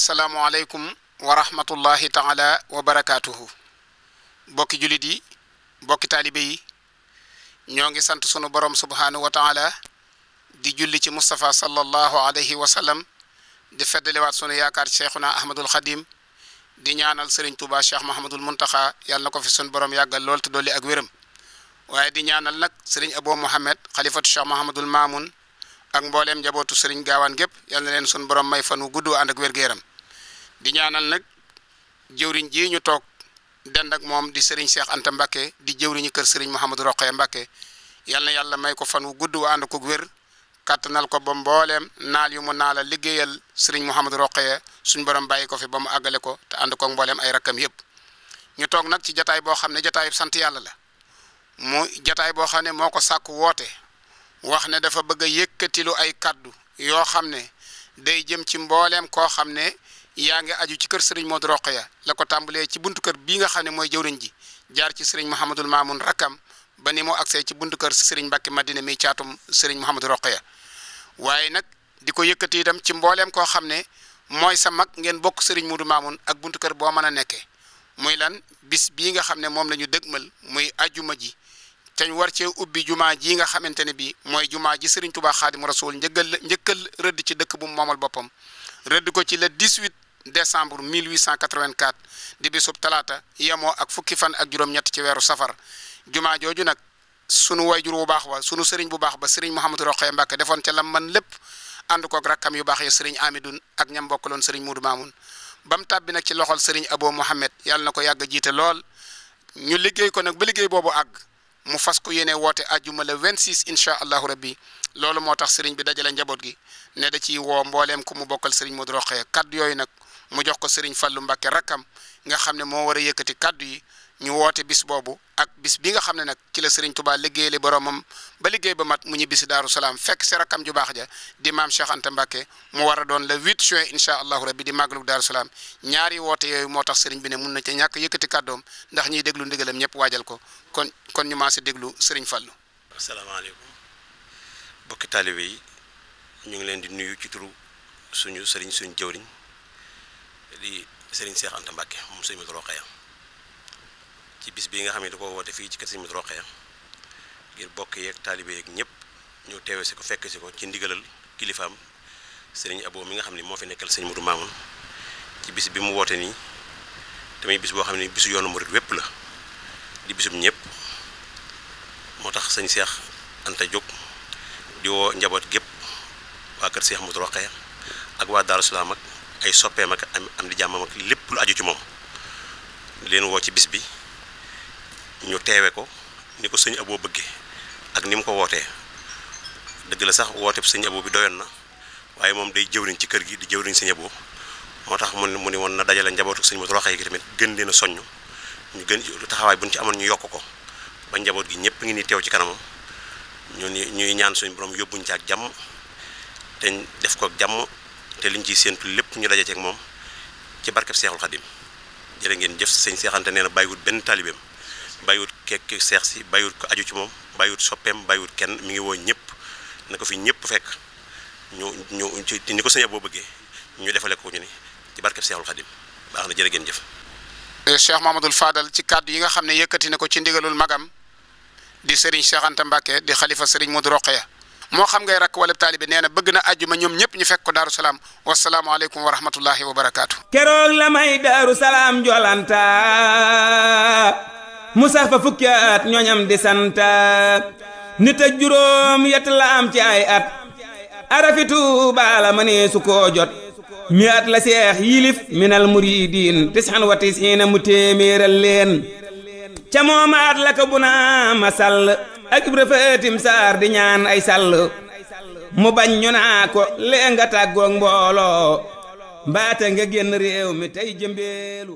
asalaamualeykum wa rahmatullahi taala wa barakaatuhu bokki jullit yi bokki taalibe yi ñoo ngi sant sunu borom subhaanahu wa taala di julli ci Moustapha sallallahu alayhi wa sallam di feddaliwaat sunu yaakaar ci Cheikhuna Ahmadul Xadim di ñaanal Serigne Touba Cheikh Mahamadul Muntaxa yàlla na ko fi sunu borom yàggal lool te dolli ak wéram waaye di ñaanal nag Serigne Abo Mohamed xalifatu Cheikh Mahamadul Maamun ak mbooleem njabootu Serigne Gaawaan gépp yal na leen borom may fan wu gudd ànd ak wér gu di ñaanal nag jëwriñ ji ñu toog dend ak moom di sëriñ Cheikh Anta Mbakke di jëwriñu kër sëriñ Mouhamadou Rokhaya Mbakke yal na yàlla may ko fan wu gudd wa ànd ko wér kàttanal ko ba mbooleem naal yu mu naala liggéeyal sëriñ Mouhamadou Rokhaya suñ borom bàyyi ko fi ba mu àggale ko te ànd ko mbooleem ay rakkam yëpp ñu toog nag ci jataay boo xam ne jataay sant yàlla la mu jataay boo xam ne moo ko sàkk woote wax ne dafa bëgg a yëkkatilu ay kàddu yoo xam ne day jëm ci mbooleem koo xam ne yaa ngi aju ci kër sëriñ Modou ya la ko tàmbalee ci buntu kër bii nga xam ne mooy jëwriñ ji jaar ci sëriñ Mouhamadul Mamoun rakkam ba ni moo agsee ci buntu kër sëriñ Mbacke Madina mi caatum sëriñ Mouhamadou Rokhaya waaye nag di ko yëkkati itam ci mbooleem koo xam ne mooy sa mag ngeen bokk sëriñ Modou Mamoun ak buntu kër boo mën a nekkee muy lan bis bii nga xam ne moom la ñu dëgmal muy ajuma ji te war cee ubbi jumaa jii nga xamante ne bii mooy jumaa ji sëriñ Touba Xaadim Rasul njëkkal njëkkal rëdd ci dëkk bu mu moomal boppam rëdd ko ci le 18 décembre 1884 di bisub talaata yemo ak fukki fan ak juróom-ñett ci weeru safar jumaa jooju nag sunu jur bu baax wa sunu sëriñ bu baax ba sëriñ Mouhamadou Rokhaya Mbacké defoon ca lam man lépp ànd koog rakkam yu baax ya sëriñ Amidun ak ñam bokkaloon sëriñ Moudou Mamoun bam mu tàbbi nag ci loxol sëriñ Abo Mohamed yàlla na ko yàgg jiite lool ñu liggéey ko nag ba liggéey boobu àgg. mu fas ko yéene woote àjjuma le 26 incha allahu rabbi loolu moo tax sëriñ bi dajale njaboot gi ne da ciy woo mbooleem ku mu bokkal sëriñ Modou Rokhaya kaddu yooyu nag mu jox ko sëriñ Fallou Mbacke rakkam nga xam ne moo war a yëkkati kaddu yi ñu woote bis boobu ak bis bi nga xam ne nag ci la Serigne Touba liggéeyale boromam ba liggéey ba mat mu ñibbisi Daaru Salaam fekk si rakkam ju baax ja di maam Cheikh Anta Mbacké mu war a doon le 8 juin incha allahu rabbi di màggalu Daaru Salaam ñaari moo tax Serigne bi ne mun na ca ñàkk yëkkati kàddoom ndax ñiy déglu ndigalam ñëpp waajal ko kon kon ñu maa si déglu Serigne Fallou. asalaamaaleykum bokki taalibe ñu ngi leen di nuyu ci turu suñu Serigne suñu jëwriñ di Serigne Cheikh Anta Mbacké moom ci bis bii nga xam ne da ko woote fii ci kër Serigne Modou Rokhaya ngir bokk yeeg taalibe yeeg ñëpp ñëw teewe si ko fekk si ko ci ndigalal kilifaam Serigne Abo mi nga xam ne moo fi nekkal Serigne Modou Mamoun ci bis bi mu woote nii tamit bis boo xam ne bisu yoonu murit wépp la di ñëpp moo tax sëñ Cheikh Anta jóg njaboot gépp waa kër Cheikh ak waa Daaru Salaam ak ay soppeem ak am di jàmmam ak lépp lu aju ci moom leen woo ci bis bi ñu teewe ko ni ko sëñ aboo bëgge ak ni mu ko wootee dëgg la sax woote sëñ aboo bi doyoon na waaye moom day jëwriñ ci kër gi di jëwriñ sëñ aboo moo tax mu ne woon na dajale njabootu sëñ Modou Rokhaya gi tamit gën leen a soññ ñu gën taxawaay bu ñu ci amoon ñu yokk ko ba njaboot gi ñëpp ngi ni teew ci kanamam ñu ñuy ñaan suñu borom yóbbuñ ci ak jàmm te def ko ak jàmm te liñ ciy séentu lépp ñu daje ci ak moom ci barkeb Seexul Xadim jërë ngeen jëf sëñ Seexante nee na benn taalibeem bàyyiwut kekk seex si bàyyiwut ko aju ci moom bàyyiwut soppeem bàyyiwut kenn mi ngi woo ñëpp na ko fi ñëpp fekk ñu ñu ci ni ko sëñ boo bëggee ñu defale ko ñu ni ci barkeb Seexul Xadim baax na jërë ngeen jëf. Eh, Cheikh Mamadou Fadal ci kàddu yi nga xam ne yëkkati na ko ci ndigalul magam di sëriñ Cheikh Anta di xalifa Serigne Modou Rokhaya moo xam ngay rakk wala taalibe nee na bëgg na àjjuma ñoom ñëpp ñu fekk ko Daaru Salaam wasalaamualeykum wa rahmatullahi mu sax fa fukki at ñooñam di santaat nit ak juróom yett la am ci ay at arafitu baala ma ne su koo mi at la seex yilif minal muridiin tisxan wa tisxiina mu téeméeral leen ca mooma la ko bu ma sàll ak ibra fatim saar di ñaan ay sàll mu bañ ñu naa ko lee nga tàggoog mbooloo mbaate nga génn réew mi tey jëmbeelu